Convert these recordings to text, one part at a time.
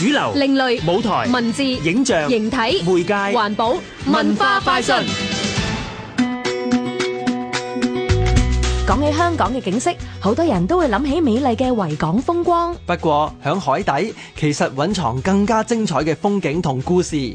主流、另類、舞台、文字、影像、形體、媒介、環保、文化快訊。講起香港嘅景色，好多人都會諗起美麗嘅維港風光。不過響海底，其實蘊藏更加精彩嘅風景同故事。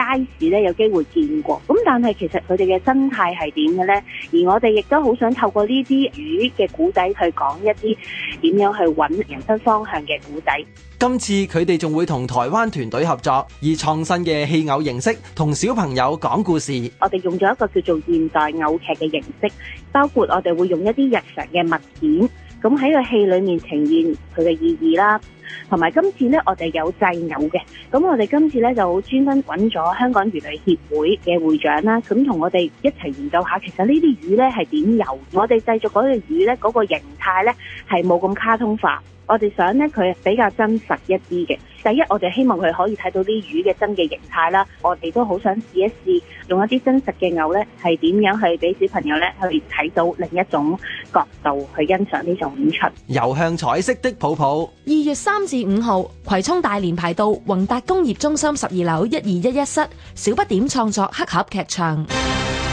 街市咧有機會見過，咁但係其實佢哋嘅生態係點嘅呢？而我哋亦都好想透過呢啲魚嘅古仔去講一啲點樣去揾人生方向嘅古仔。今次佢哋仲會同台灣團隊合作，以創新嘅戲偶形式同小朋友講故事。我哋用咗一個叫做現代偶劇嘅形式，包括我哋會用一啲日常嘅物件，咁喺個戲裡面呈現佢嘅意義啦。同埋今次呢，我哋有製偶嘅，咁我哋今次呢，就專登揾咗香港魚類協會嘅會長啦，咁同我哋一齊研究下，其實呢啲魚呢係點游。我哋製作嗰隻魚呢，嗰個形態呢係冇咁卡通化，我哋想呢，佢比較真實一啲嘅。第一，我哋希望佢可以睇到啲魚嘅真嘅形態啦。我哋都好想試一試用一啲真實嘅偶呢，係點樣去俾小朋友呢去睇到另一種角度去欣賞呢種演出。遊向彩色的泡泡，二月三，三至五號葵涌大連排道宏達工業中心十二樓一二一一室，小不點創作黑盒劇場。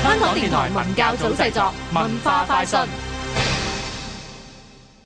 香港電台文教組製作，文化快訊。